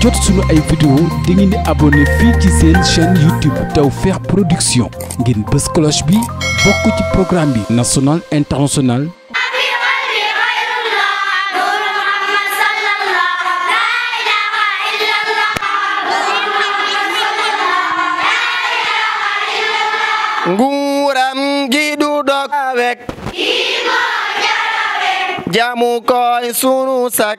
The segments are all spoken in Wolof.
jot suñu ay vidéo da ngeen di abonné fii ci seen chaîne YouTube Tawfekh Production ngeen bës cloche bi bokk ci programme bi national international nguuram gi du dog awek jaamu koy sunu sak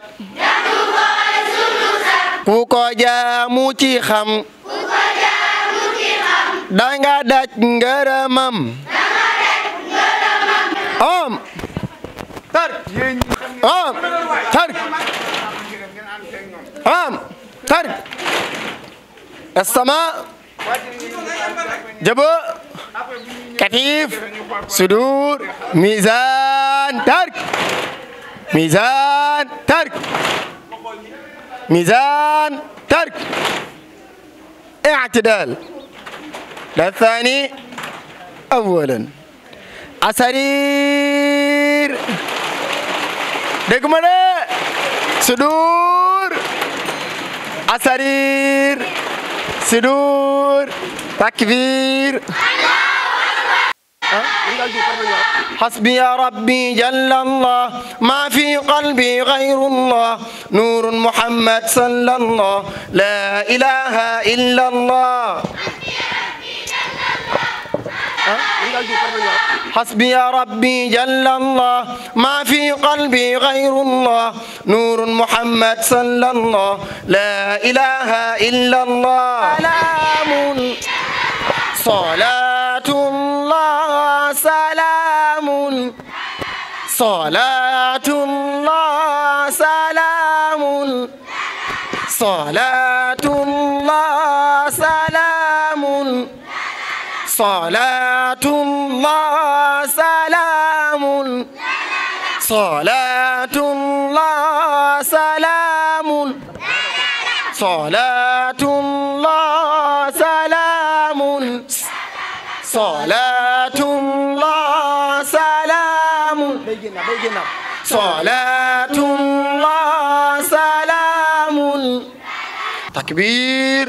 ku ko jaamu ci xam. ku ko jaamu ci xam. danga daj ngërëmam. danga daj ngërëmam. om. tar. om tar. om tar. asama. jabo. katif. sudur. mizan. tar. mizan. tar. ميزان ترك اعتدال الثاني أولا أسرير دقمنا صدور أسرير صدور تكبير حسبي ربي جل الله ما في قلبي غير الله نور محمد صلى الله لا إله إلا الله حسبي ربي جل الله ما في قلبي غير الله نور محمد صلى الله لا إله إلا الله سلام صلاة سلام صلاة الله سلام صلاة الله سلام صلاة الله سلام صلاة الله سلام صلاة الله سلام صلاة ginnaaw salaatullah salaamun takbir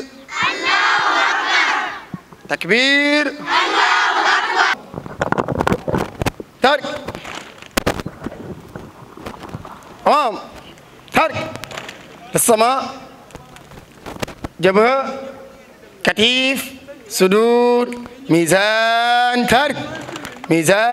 allahu akbar takbir allahu akbar tarik amam tarik السماء جبهة كتيف صدور ميزان ترك ميزان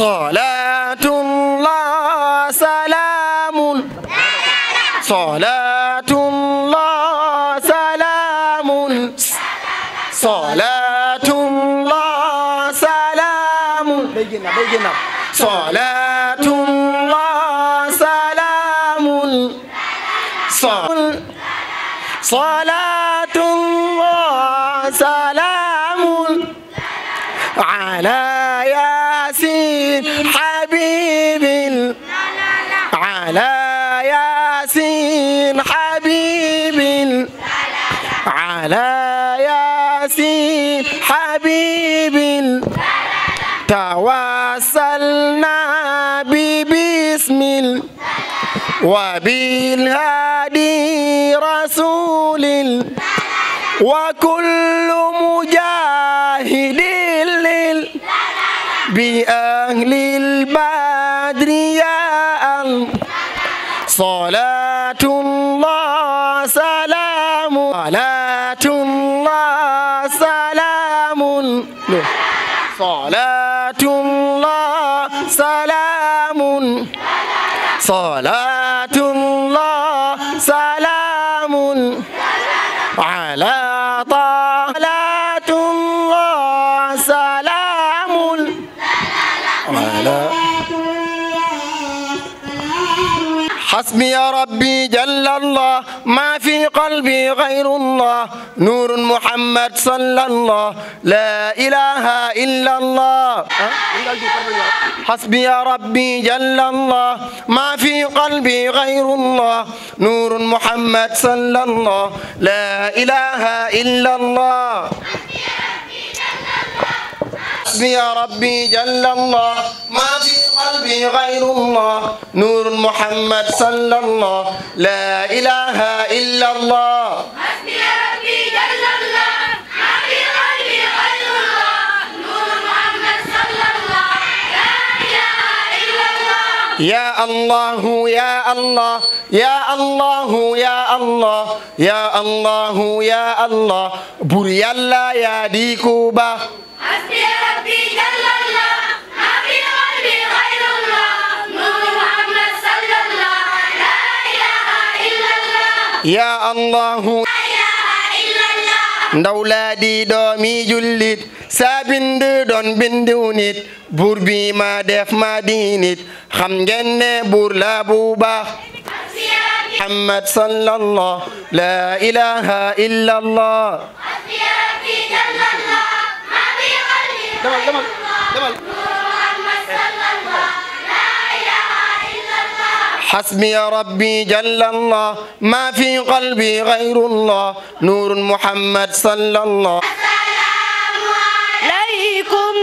salaatullah salaamun salaatullah salaamun salaatullah salaamun salaatullah salaamun salaatullah salaamun ala على ياسين حبيب على ياسين حبيب توصلنا ببسم وبالهادي رسول وكل مجاهد بأهل البدر يا الله salaatullah salaamun salaatullah salaamun salaatullah salaamun حسبي ربي جل الله ما في قلبي غير الله نور محمد صلى الله لا إله إلا الله حسبي ربي جل الله ما في قلبي غير الله نور محمد صلى الله لا إله إلا الله حسبي ربي جل الله ما في قلبي غير الله نور محمد صلى الله لا إله إلا الله حسبي ربي جل الله ما في قلبي غير الله نور محمد صلى الله لا إله إلا الله يا الله يا الله يا الله يا الله يا الله يا الله بريالا يا ديكوبا yaa allahu ndaw laadi doomi jullit saa bind doon bindiw nit buur bi ma def ma diinit xam ngeen ne buur la bu baax muhammad sallallahu la ilaha illallah demal demal demal حسبي ربي جل الله ما في قلبي غير الله نور محمد صلى الله السلام عليكم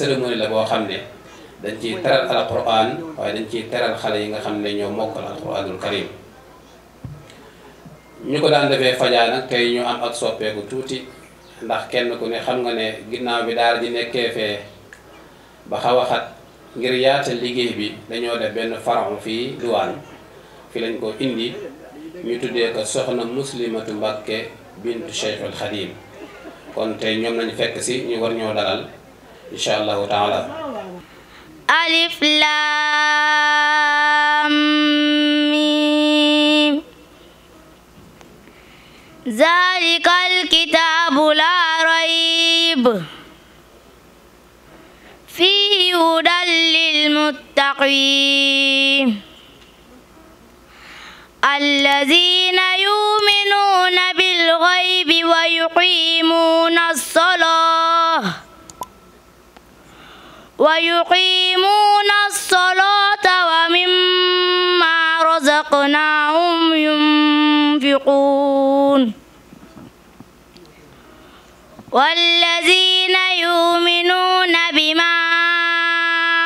cérémonie la boo xam ne dañ ciy teral alquran waaye dañ ciy teral xale yi nga xam ne ñoo mokkal alquranul karim ñu ko daan defee fajaa nag tey ñu am ak soppeeku tuuti ndax kenn ku ne xam nga ne ginnaaw bi daal di nekkee fee ba xaw a xat ngir yaatal liggéey bi dañoo def benn faron fii diwaan fi lañ ko indi ñu tuddee ko soxna muslimatu mbakke bintu cheikhul xadim kon tey ñoom lañu fekk si ñu war ñoo dalal incha allahu taala alif lam mim zalikal kitabu la rayb fihi hudan lil muttaqin allazina yu ويقيمون الصلاة ومما رزقناهم ينفقون والذين يؤمنون بما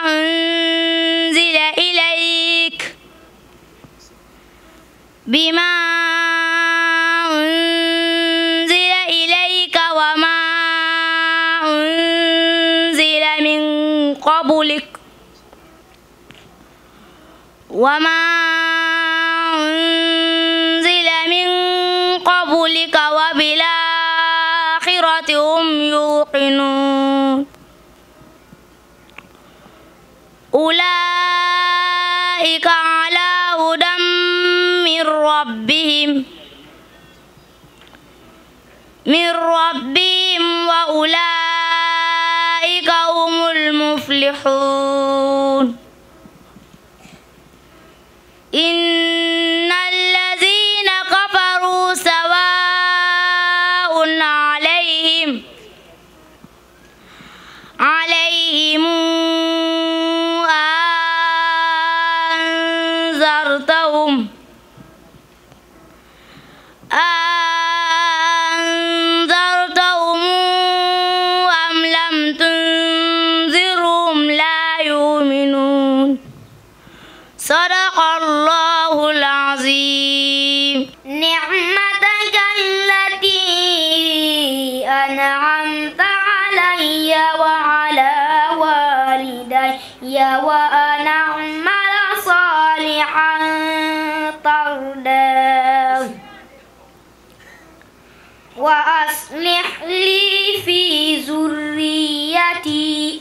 أنزل إليك بما وما أنزل من قبلك وبالآخرة هم يوقنون أولئك على هدى من ربهم من ربهم وأولئك هم المفلحون يدي وأن أعمل صالحا ترضاه وأصلح لي في ذريتي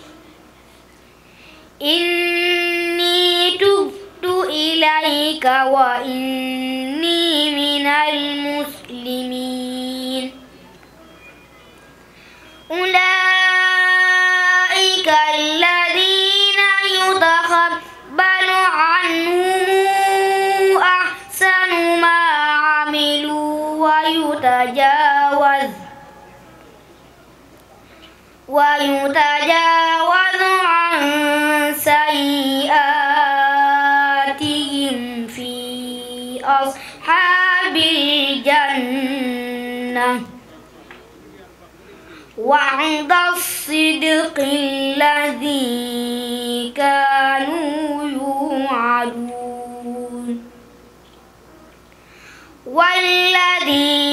إني تبت إليك وإني من المسلمين أولئك الذين يتقبل عنهم أحسن ما عملوا ويتجاوز ويتجاوز عن سيئاتهم في أصحاب الجنة وعد الصدق الذي كانوا يوعدون والذي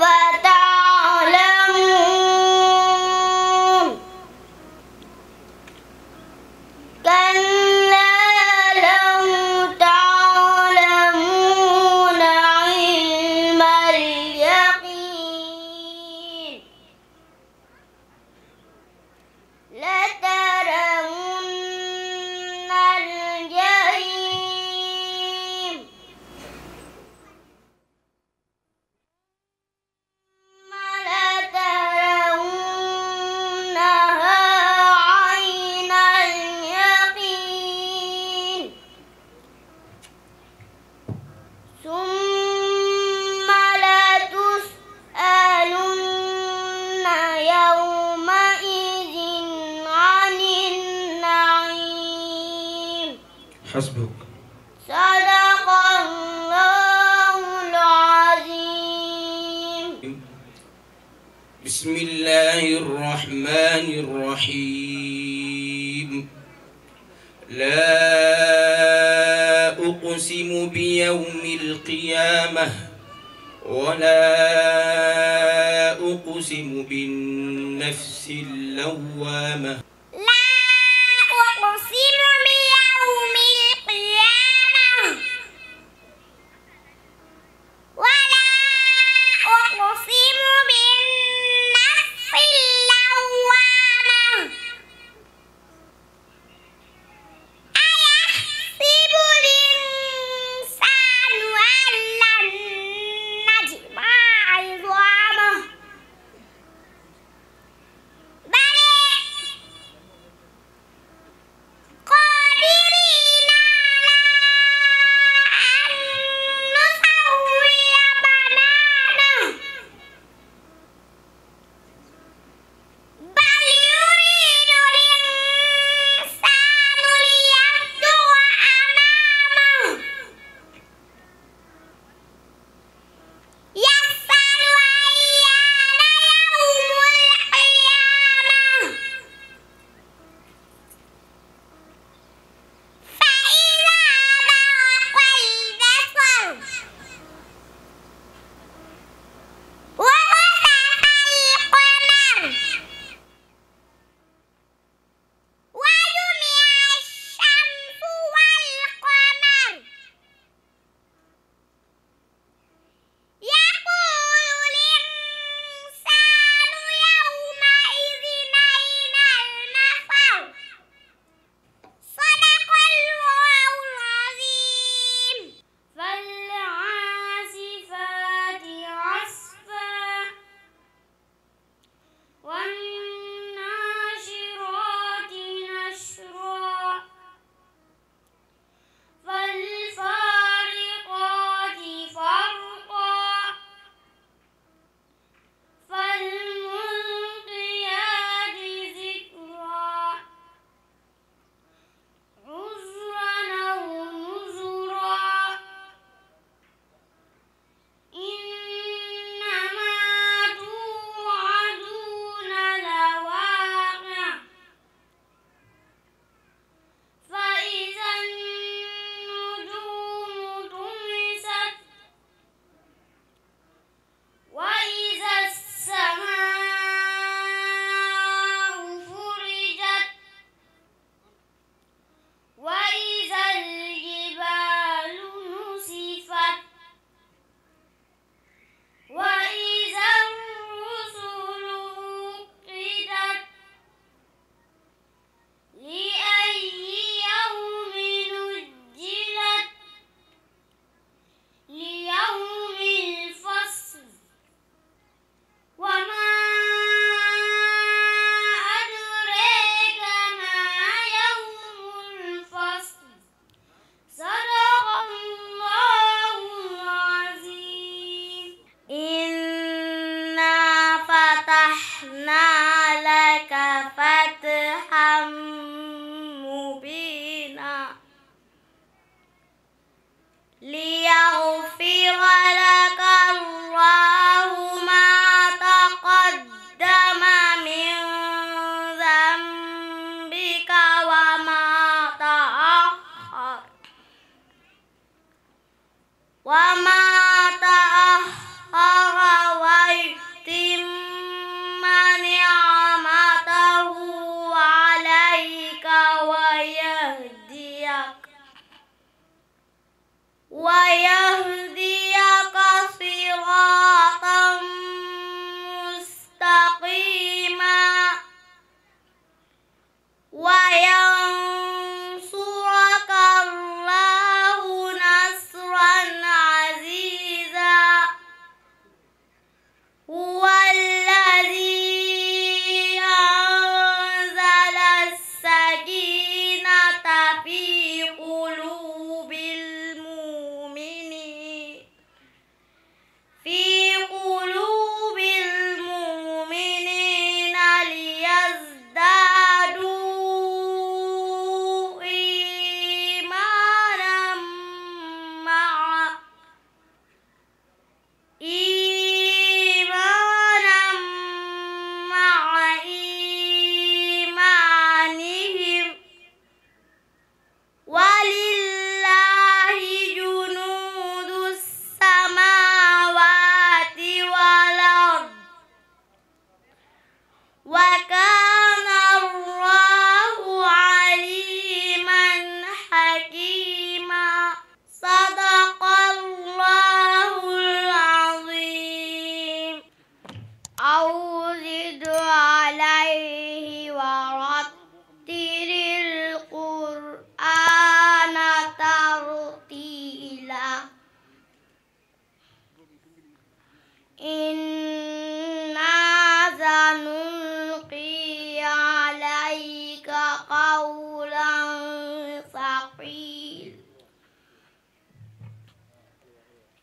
les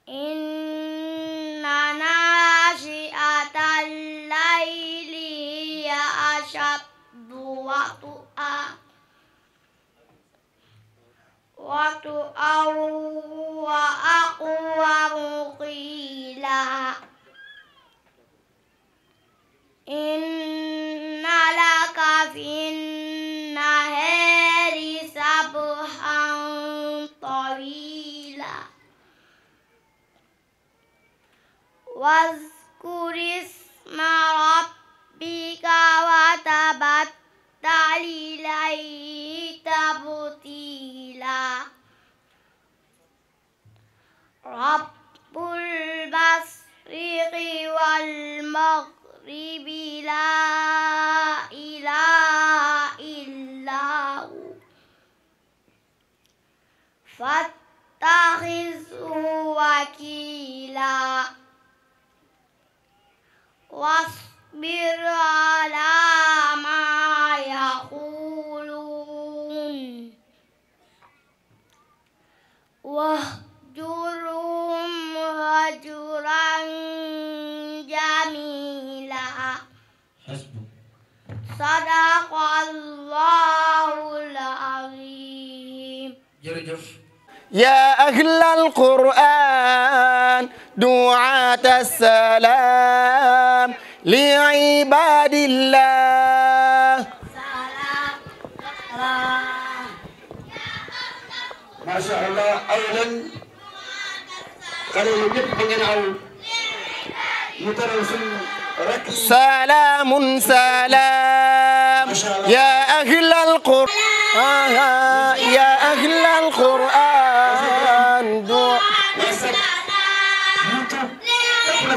إن ناشئة الليل هي أشد وطئا وطئا وأقوم قيلا إن لك في النار واذكر اسم ربك وتبتل إليه تبتيلا رب المشرق والمغرب لا إله إلا هو فاتخذه وكيلا واصبر على ما يقولون واهجرهم هجرا جميلا صدق الله العظيم يا أهل القرآن دعاة السلام لعباد الله ما شاء الله أولا قالوا يجب أن ينعوا يترسل سلام سلام يا أهل القرآن يا أهل القرآن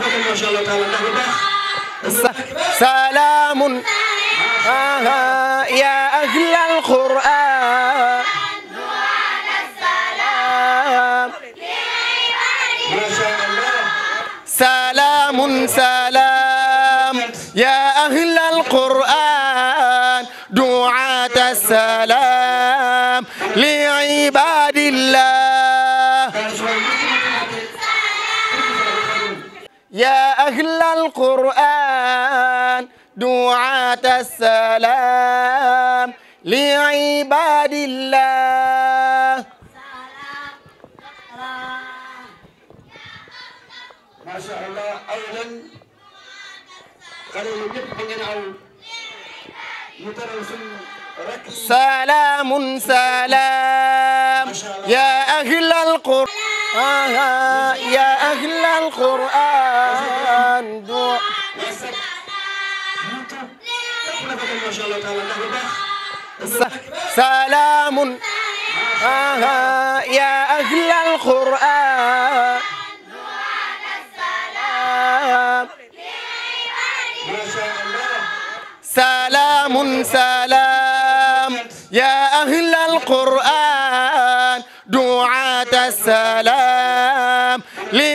tabaraka ma sha Allah taala ndax bu baax salaamun أهل القرآن دعاة السلام لعباد الله ما شاء الله أولا قالوا يبقى من أو سلام سلام يا أهل القرآن يا أهل القرآن macha allah taala ndax lu baax. salaamun. ya ahlal qur'an. salaam salaam ya ahlal qur'an du'aat as-salaam li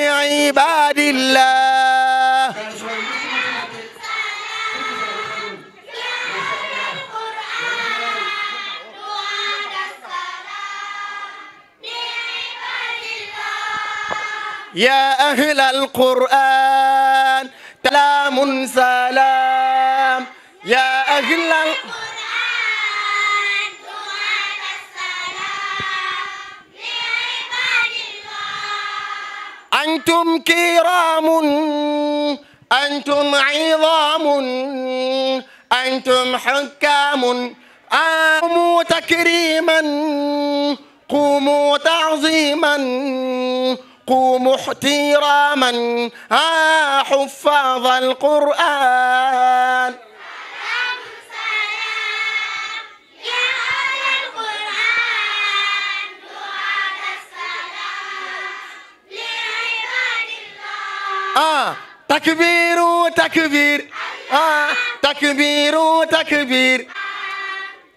يا أهل القرآن سلام سلام يا أهل القرآن دعاء السلام لعباد الله أنتم كرام أنتم عظام أنتم حكام قوموا تكريما قوموا تعظيما قوموا احترا من آه حفاظ القرآن آه تكبير تكبير آه تكبير تكبير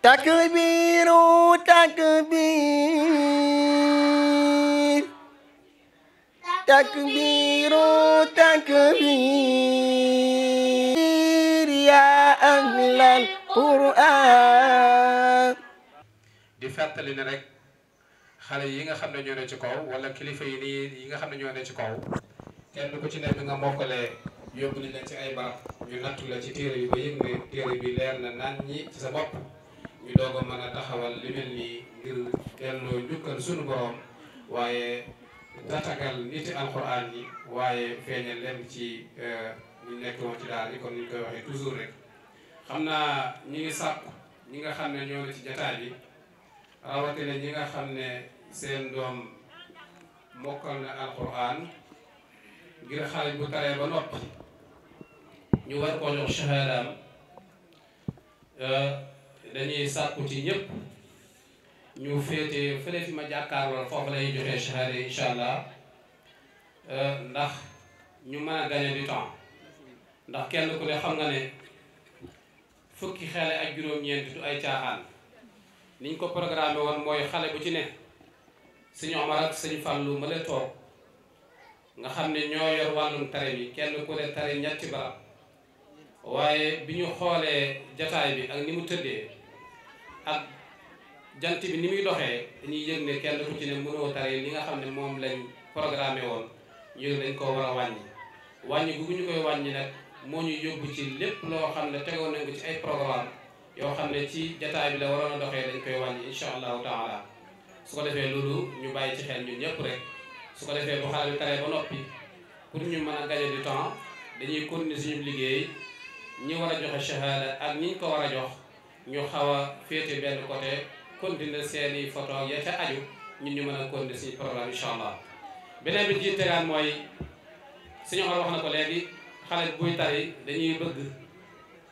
تكبير تكبير تكبير تكبير يا أهل القرآن di fàttali ne rek xale yi nga xam ne ñoo ne ci kaw wala kilifa yi nii yi nga xam ne ñoo ci kaw kenn ku ci nekk nga mokkalee yóbbu leen ci ay barab ñu nattu la ci téere bi ba yëg téere bi leer na naan ñi ci sa bopp ñu doog a mën a taxawal li mel nii ngir delloo sunu borom waaye tatagal niti alquran yi waaye feeñal leen ci eh, ñu nekk woon ci daal yi comme ni koy waxee toujours rek xam naa ñi ngi sàkku ñi nga xam ne ñoo ne ci jataay bi ñi nga xam ne seen doom mokkal na alquran ngir xale bu taree ba noppi ñu war ko jox eh, dañuy sàkku ci ñu féete fële fi ma jàkkaarlool foofu lay joxee shahada incha allah euh, ndax ñu mën a gagner du temps ndax kenn ku ne xam nga ne fukki xale ak juróom-ñeent du ay caaxaan niñ ko programme woon mooy xale bu ci ne sëñ Omar ak sëñ Fallou ma la toog nga xam ne ñoo yor wàllum tare bi kenn ku ne tare ñetti barab waaye bi ñu xoolee jataay bi ak ni mu tëddee ak jant bi ni muy doxee dañuy yëg ne kenn ku ci ne mënoo tare li nga xam ne moom lañ programmé woon ñu ne dañ koo war a wàññi wàññi gu ñu koy wàññi nag moo ñu yóbbu ci lépp loo xam ne tegoon nañ ko ci ay programme yoo xam ne ci jataay bi la waroon a doxee dañ koy wàññi incha allahu taala su ko defee loolu ñu bàyyi ci xel ñun ñëpp rek su ko defee bu xale bi taree ba noppi pour ñu mën a gagner du temps dañuy continuer suñu liggéey ñi war a joxe shahada ak ko war ñu xaw a féete benn continuer seen i photo ya ca aju ñun ñu mën a continuer suñu programme incha allah beneen bi ci tegaan mooy suñu xol wax na ko léegi xale buy tari dañuy bëgg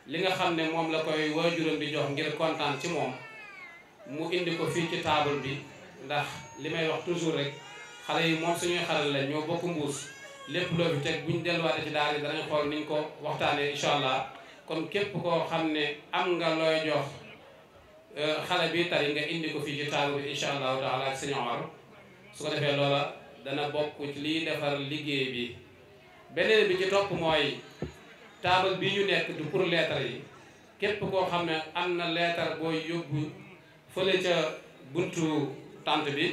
li nga xam ne moom la koy waajuram di jox ngir kontaan ci moom mu indi ko fii ci table bi ndax li may wax toujours rek xale yi moom suñuy xale la ñoo bokk mbuus lépp loolu fi teg buñ delluwaatee ci daal yi danañ xool niñ ko waxtaanee incha allah kon képp ko xam ne am nga looy jox xale bi tari nga indi ko fii ci taaru bi incha allahu taala ak sëñ Omar su ko defee loola dana bokk ci liy defar liggéey bi beneen bi ci topp mooy taabal bi ñu nekk du pour lettre yi képp koo xam ne am na leetar booy yóbbu buntu tante bi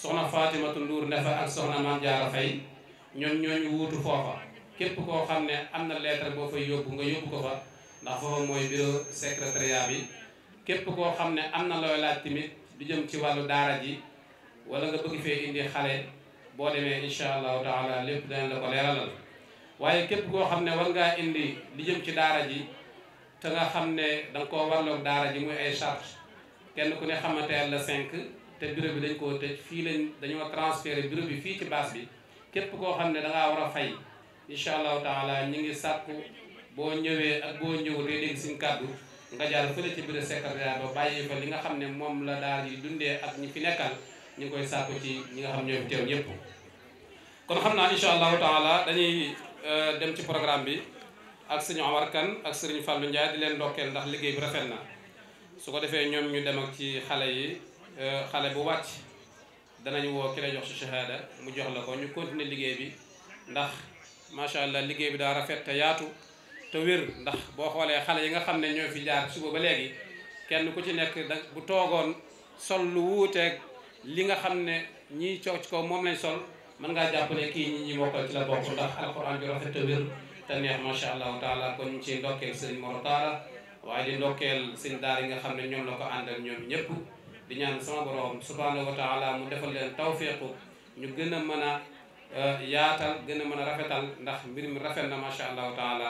soxna Fatimatu Ndour Nefa ak soxna ñoom ñooñu képp koo xam am na lettre boo fa yóbbu nga yóbbu ko fa ndax foofa mooy bureau secrétariat bi képp koo xam ne am na looy laaj tamit du jëm ci wàllu daara ji wala nga bëgg fee indi xale boo demee incha allahu taala lépp danañ la ko leeralal waaye képp koo xam ne war ngaa indi lu jëm ci daara ji te nga xam ne da nga koo warloog daara ji muy ay charge kenn ku ne xamanteel la cinq te bureau bi dañ koo tëj fii lañ dañoo transféré bureau bi fii ci base bi képp koo xam ne da ngaa war a fay incha allahu taala ñu ngi sàkku boo ñëwee ak boo ñëw dee dégg suñ nga jaar fële ci biir secrétariat ba bàyyi fa li nga xam ne moom la daal yi dundee ak ñi fi nekkal ñu ngi koy sàkku ci ñi nga xam ñoo fi teew ñëpp kon xam naa incha allahu taala dañuy euh, dem ci programme bi ak sëñ Omar Kane ak sëriñ Fallou Ndiaye di leen ndokkeel ndax liggéey bi rafet na su ko defee ñoom ñu dem ci xale yi euh, xale bu wàcc danañu woo ki jox si shahada mu jox la ko ñu continuer liggéey bi ndax macha allah liggéey bi daal rafet te yaatu te ndax boo xoolee xale yi nga xam ne ñoo fi jaar suba ba léegi kenn ku ci nekk da bu toogoon sol lu wuuteeg li nga xam ne ñii coow ci moom lañ sol mën ngaa jàpp ne kii ñi ñi mokkal ci la bokk ndax alxuraan ju rafet te wér te neex macha allahu taala ci ndokkeel sëñ Mor Talla waaye di ndokkeel sëñ yi nga xam ne ñoom la ko àndal ñëpp di ñaan sama mu defal leen tawfiqu ñu gën a mën yaatal gën a mën a rafetal ndax mbir mi rafet na macha allahu taala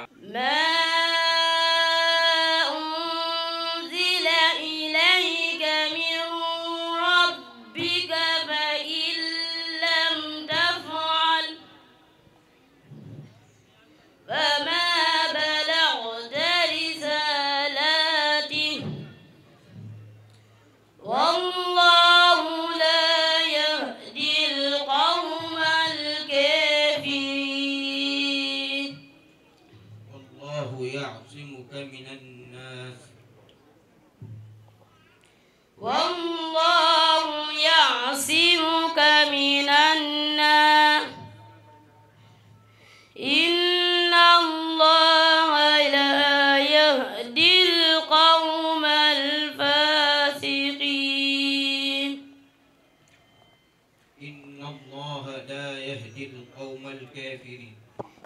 الكافرين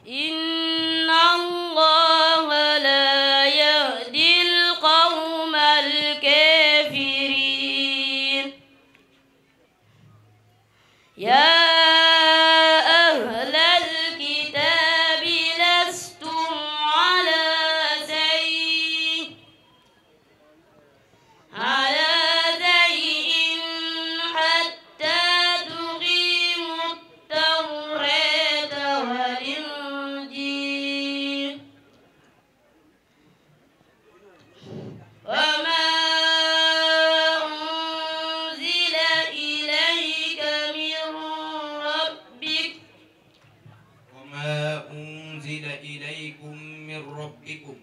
إن ربكم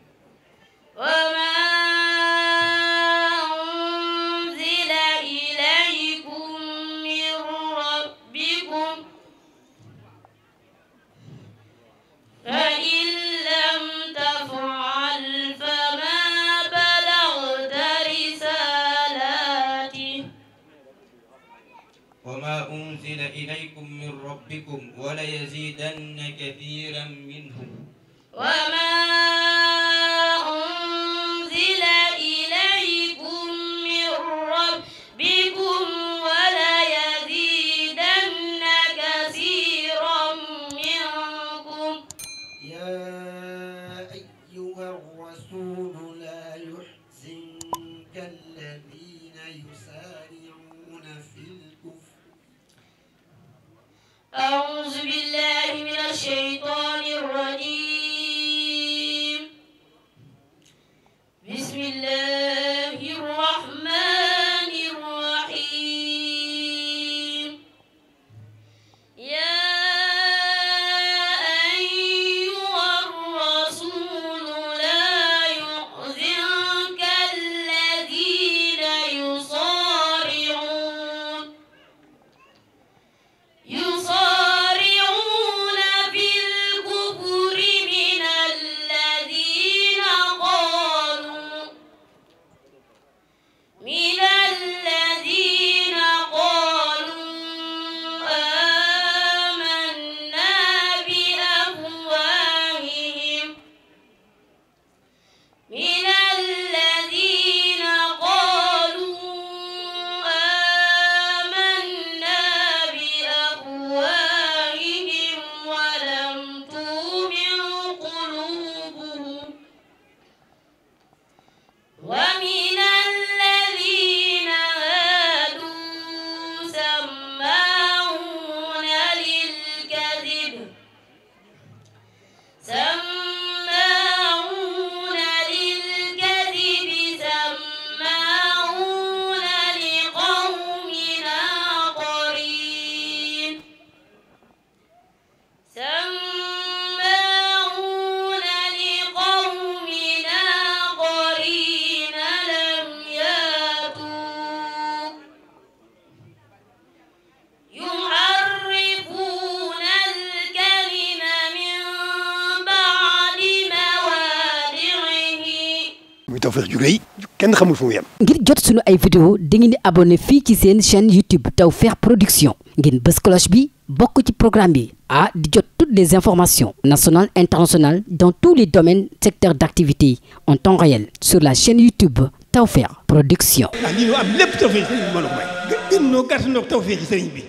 kenn xamul fu mu yem. ngir jot sunu ay vidéo dangeen di abonné fii ci seen chaîne YouTube Tawfekh Production ngeen bës bi bokk ci programme bi ah di jot toutes les informations nationales internationales dans tous les domaines secteurs d'activité en temps réel sur la chaîne YouTube Tawfekh Production. Ah,